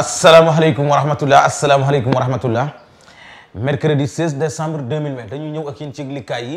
asalaamaaleykum wa rahmatulah asalaamaaleykum wa rahmatulah mercredi 16 décembre 2020 dañu ñëw ak yéen ci yëglikaay yi.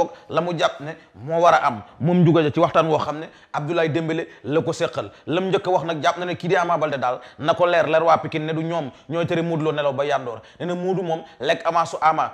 boog la mu jàpp ne moo war a am moom njuga ja ci waxtaan woo xam ne Abdoulaye Dembélé la ko séqal lam njëkk a wax nag jàpp na ne kii di Ama Baldé daal na ko leer leer waa Pikine ne du ñoom ñooy tere Modou na Modou moom lekk avance su a ba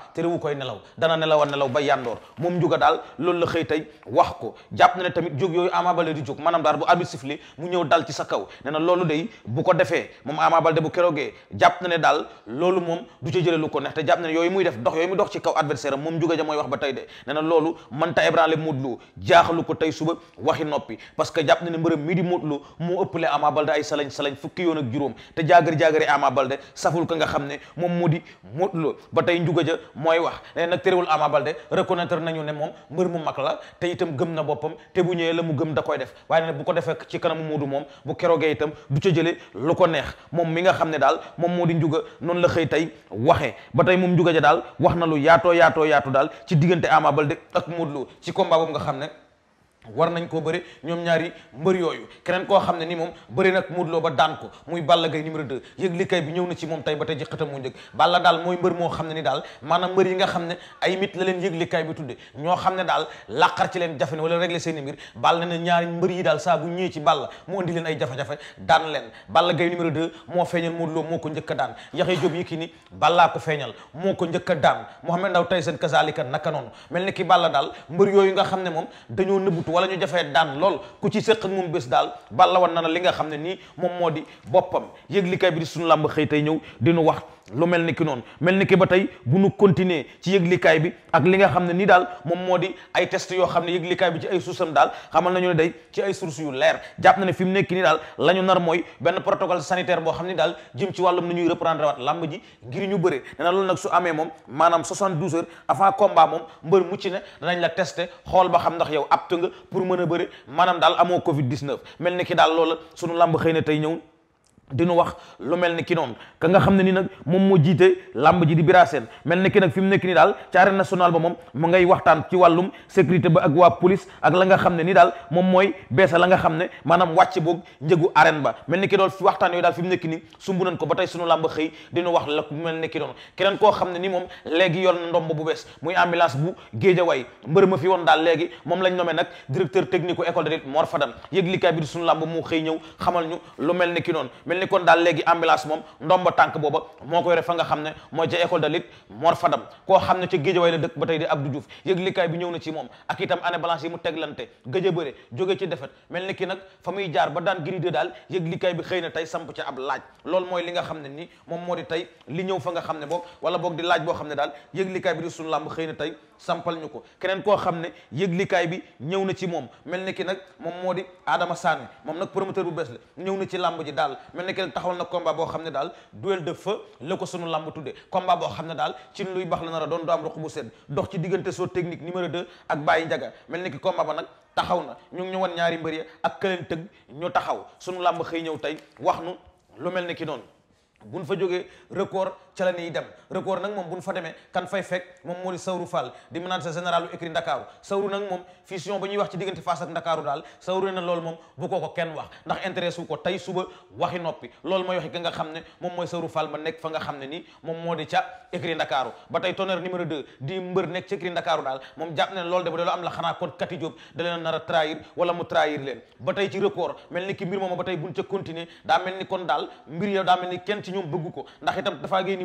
yandoor moom njuga daal la xëy tey wax ko jàpp na ne tamit jóg yooyu Ama Baldé di jóg maanaam daal bu arbitre sifflé mu ñëw dal ci sa kaw ne na loolu day bu ko defee moom Ama Baldé bu keroogee jàpp na ne daal loolu moom du ca jëlee lu ko neex te jàpp ne yooyu muy def dox yooyu muy dox ci kaw adversaire moom njuga ja mooy wax ba tey de ne loolu loolu mënta ébranler Modou Lo jaaxlu ko tey suba waxi noppi parce que jàpp na ne mbërëm mii di Modou Lo moo ëppale Ama Baldé ay salañ salañ fukki ak juróom te jaagar-jaagari Ama Baldé saful ko nga xam ne moom moo di Modou Lo ba tey njuga ja mooy wax len nag terewul Ama Baldé reconnaître nañu ne moom mbër mu mag la te itam na boppam te bu ñëwee la mu gëm da koy def waaye nag bu ko defee ci kanamu Modou moom bu keroogee itam du ca jële lu ko neex moom mi nga xam ne daal moom moo di njuga noonu la xëy tey waxee ba tey moom njuga ja daal wax na lu yaatoo yaatoo yaatu daal ci diggante Ama Baldé ak Modou Lo ci combat boobu nga xam ne war nañ koo bëri ñoom ñaari mbër yooyu keneen koo xam ne ni moom bëri nag Modou Lo ba daan ko muy Balla Gaye numéro 2 yëglikaay bi ñëw na ci moom tay ba tey jëkkatam mu njëkk Balla daal mooy mbër moo xam ne ni daal maanaam mbër yi nga xam ne ay mit la leen yëglikaay bi tudde ñoo xam ne daal làqar ci leen jafe ne wala régler seen i mbir Balla ne ñaari mbër yi daal saa bu ñëwee ci Balla mu indi leen ay jafe-jafe daan leen Balla Gaye numéro 2 moo feeñal Modou Lo moo ko njëkk a daan Yaxya Jóob Yékini Balla ko feeñal moo ko njëkk a daan Mohamed Ndaw Tyson kazalika naka noonu mel ni ki Balla daal mbër yooyu nga xam ne moom dañoo nëbbutu wala ñu jafee daan lool ku ci séq moom bés daal Balla wan na na li nga xam ne nii moom moo di boppam yëg li kay bi di suñu làmb xëy tey ñëw nu wax lu mel ni ki noonu mel ni ki ba tey bu nu continuer ci yëglikaay bi ak li nga xam ne nii daal moom moo di ay test yoo xam ne yëglikaay bi ci ay sources daal xamal nañu ne day ci ay sources yu leer jàpp na ne fi mu nekk ni daal la ñu nar mooy benn protocole sanitaire boo xam ne daal jëm ci wàllum ni ñuy reprendre waat lamb ji ngir ñu bëre nee na loolu nag su amee moom maanaam 72 heures avant combat moom mbër mucc ne danañ la testé xool ba xam ndax yow apte nga pour mën a bëre maanaam daal amoo covid 19 mel ni ki daal loola lamb xëy na tey ñëw dinu wax lu mel ni ki noonu ka nga xam ne nii nag moom moo jiite làmb ji di biraaseen mel ni ki nag fi mu nekk ni daal ci arène nationale ba moom mu ngay waxtaan ci wàllum sécurité ba ak waa police ak la nga xam ne nii daal moom mooy beesa la nga xam ne maanaam wàcc boog njëgu arène ba mel ni ki dool waxtaan yooyu daal fi mu nekk ni sumb ko ba tey sunu làmb xëy dinu wax la mel ni ki noonu keneen koo xam ne ni moom léegi yor na bu bees muy ambulance bu géejawaay mbër ma fi woon daal léegi moom lañ nommé nag directeur technique école de lutte Mor Fadam yëg likaay bi di sunu làmb mu xëy ñëw xamal ñu lu mel ni ki noonu mel daal léegi ambulance moom ndomba tànk booba moo ko yore fa nga xam ne mooy ca école de lutte Mor Fadam koo xam ne ca Géejawaay la dëkk ba tey di Abdou Diouf yëglikaay bi ñëw na ci moom ak itam année balance yi mu teglante gëj a bëre jóge ci defet mel ni ki nag fa muy jaar ba daan giri de daal yëglikaay bi xëy na tey samp ca ab laaj loolu mooy li nga xam ne nii moom moo di tey li ñëw fa nga xam ne boog wala boog di laaj boo xam ne daal yëglikaay bi di sunu làmb xëy na tey sampal ñu ko keneen koo xam ne yëglikaay bi ñëw na ci moom mel na ki nag moom moo di aadama Sané moom nag promoteur bu bees la ñëw na ci làmb ji daal mel ni ki nag taxawal na combat boo xam ne daal duel de feu la ko sunu làmb tudde combat boo xam ne ci luy bax la na a doon do am ruq bu sedd dox ci diggante soo technique numéro 2 ak Baye Ndiaga mel na ki komba ba nag taxaw na ñu ngi ñu ñaari mbër ya ak këleen tëgg ñu taxaw suñu làmb xëy ñëw tey wax nu lu mel na ki noonu buñ fa jógee record ca la ñuy dem record nag moom bu ñu fa demee kan fay fekk moom moo di Sawru Fall di manager général lu écrit Ndakaaru Sawru nag moom fusion ba ñuy wax ci diggante Fass ak Ndakaaru daal Sawru na moom mooy waxi ki nga xam ne moom mooy Sawru Fall ma nekk fa nga xam ne nii moom moo di ca écrit Ndakaaru ba tey tonnerre numéro 2 di mbër nekk ci écrit Ndakaaru daal moom jàpp ne loolu de bu dee lu am la xanaa kon Kati Diop da leen nar a trahir wala mu trahir leen ba tey ci record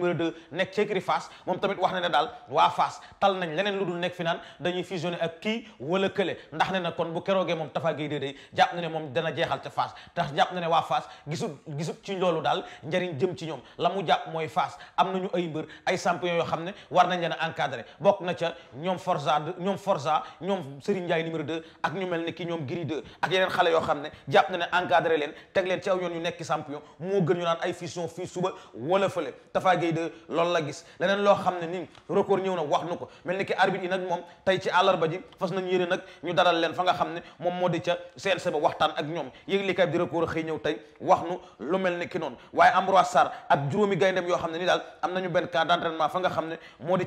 numéro 2 nekk ci écurie Fass moom tamit wax na ne daal waa Fass tal nañ leneen lu dul nekk fi naan dañuy fusionné ak kii wala kële ndax ne na kon bu keroogee moom Tafa Gueye déedéy jàpp na ne moom dana jeexal ca Fass tax jàpp na ne waa Fass gisut gisut ci loolu daal njariñ jëm ci ñoom la mu jàpp mooy fas am nañu ay mbër ay champion yoo xam ne war nañ leen a encadré bokk na ca ñoom Forza ñoom Forza ñoom Serigne Ndiaye numéro 2 ak ñu mel ne ki ñoom Giri 2 ak yeneen xale yoo xam ne jàpp na ne leen teg leen ci aw yoon ñu nekk champion moo gën ñu naan ay fusion fii suba wala fële de loolu la gis leneen loo xam ne ni record ñëw nu ko mel ni ki arbitre yi nag moom tey ci àllarba ji fas nañu yéene nag ñu daral leen fa nga xam ne moom di ca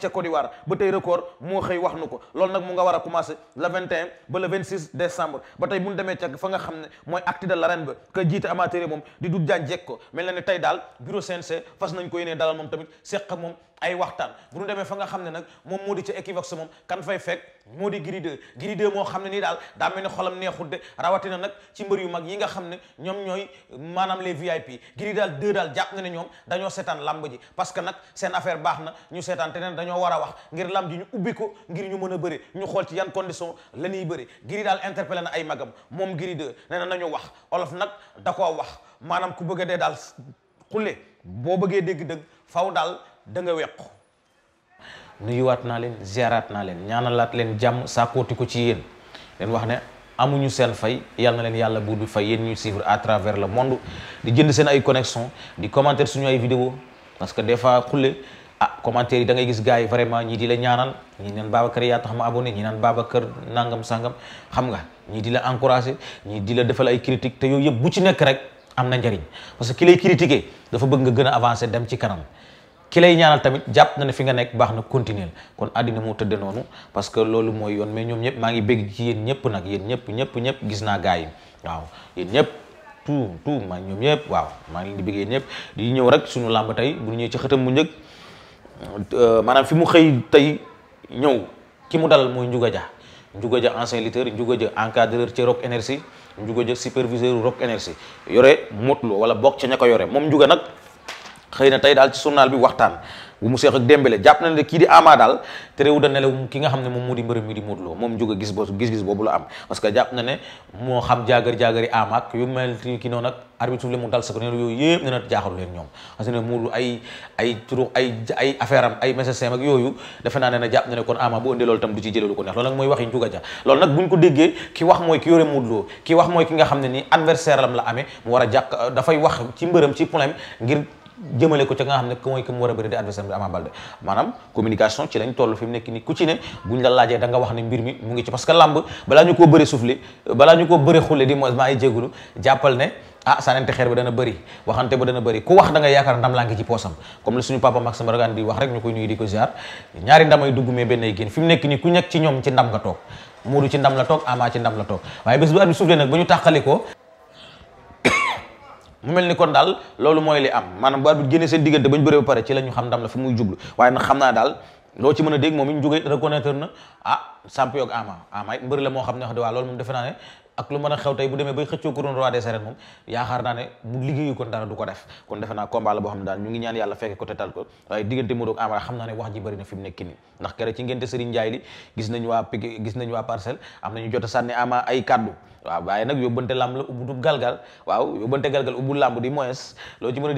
CNG ba ba tey record moo xëy wax nu ko loolu nag mu nga war a commencer le 21 ba le 26 décembre ba tey bu ñu demee ca fa nga xam ne mooy acte de l'arène ba que jiite amateur moom di dut jaan jekk ko mel na ne tey daal bureau CNG fas nañ ko yéene dalal moom tamit seq moom ay waxtaan bu ñu demee fa nga xam ne nag moom moo di ca Equivox moom kan fay fekk moo di Gris 2 moo xam ne nii daal daa mel ni xolam neexut de rawatina nag ci mbër yu mag yi nga xam ne ñoom ñooy maanaam les VIP Gris daal 2 daal jàpp na ne ñoom dañoo seetaan lamb ji parce que nag seen affaire baax na ñu seetaan te neen dañoo war a wax ngir lamb ji ñu ubbi ko ngir ñu mën a bëri ñu xool ci yan condition la ñuy bëri Gris daal interpellé na ay magam moom Gris 2 na nañu wax olof nag da koo wax maanaam ku bëgg a dee daal xulle faw daal da nga wequ nuyuwaat naa leen ziaraat naa leen ñaanal laat leen jàmm saakooti ko ci yéen leen wax ne amuñu seen fay yal na leen yàlla buur bi fay yéen ñuy suivre à travers le monde di jënd seen ay connection di commentaire suñu ay vidéo parce que des fois xulle ah commentaire yi da ngay gis gars yi vraiment ñii di la ñaanal ñii naan Babacar yaa tax ma abonné ñii naan kër nangam sangam xam nga ñii di la encouragé ñii di la defal ay critique yooyu yëpp bu ci nekk rek am na njariñ parce que ki lay critiquer dafa bëgg nga gën a avancer dem ci kanam ki lay ñaanal tamit jàpp na ne fi nga nekk baax na continuer kon àddina moo tëdd noonu parce que loolu mooy yoon mais ñoom ñëpp maa ngi bégg ci yéen ñëpp nag yéen ñëpp ñëpp ñëpp gis naa gaa yi waaw yéen ñëpp tout tout maa ñoom ñëpp waaw maa ngi leen di bégg yéen ñëpp di ñëw rek suñu làmb tey bu ñëwee ci xëtam mu njëkk euh, maanaam fi mu xëy tey ñëw ki mu dalal mooy Ndiouga Dia Ndiouga Dia ancien lutteur Ndiouga Dia encadreur ci Rock Énergie Ndiouga Dia superviseur Rock Énergie yore Modou wala bokk ca ña ko yore moom Ndiouga nag xëy na tey daal ci journal bi waxtaan bu mu seex ak Dembélé kii di Ama daal teréwu da nelew xam ne moom moo di moom jóg gis bo que jàpp na ne moo xam jaagar jaagari Ama ak yu mel ki noonu ak arbitre le mu dal sa ko neen yooyu yëpp ay affaire am ay message ak yooyu defe naa ne na jàpp na ne kon Ama bu ëndee loolu tam du ci jëlee ko neex loolu nag mooy wax njuga ja loolu nag buñ ko déggee ki wax mooy ki wax mooy ki nga xam ne ni adversaire lam la amee mu war a jàkk dafay wax ci mbërëm ci problème jëmale ko ca nga xam ne mooy que mu war a bëri di adversaire bi ku ci ne mbir mi parce que lamb balaa ñu koo bëri soufflé balaa ñu koo bëri xulle di moins maa ngi jégalu jàppal ne ah sanente xeer bi dana bëri waxante ba dana bëri ku wax da yaakaar ndam laa ngi ci poosam comme la suñu papa Maxime Ragan di wax rek ñu koy nuyu di ko ziar ñaari ndamay dugg mais benn ay génn fi nekk ni ku nekk ci ñoom ci ndam nga toog Modou ci ndam la toog Ama ci ndam la toog waaye mu mel ni kon daal loolu mooy li am maanaam a arbitre génnee seen diggante ba ñu bëree ba pare ci la ñu xam ndam la fu muy jublu waaye nag xam naa daal loo ci mën a dégg moom it ñu jógee reconnaître na ah samp yoog ama ama it mbëri la moo xam ne wax di waa loolu moom defe naa ne ak lu mën a xew tey bu demee bay xëccoo couronne roi des moom yaakaar naa ne bu liggéeyu kon dara du ko def kon defe naa combat boo xam ne daal ñu ngi ñaan yàlla fekke ko tetal ko waaye diggante Modou ak xam naa ne wax ji bëri na fi ndax keroog ci ngente Serigne Ndiaye gis nañ waa Pikine gis nañ waa Parcelles am nañu jot sànni Ama ay kaddu waaw waaye nag yóbbante lamb la ubbu du galgal waaw yóbbante galgal ubbu lamb di moins loo ci a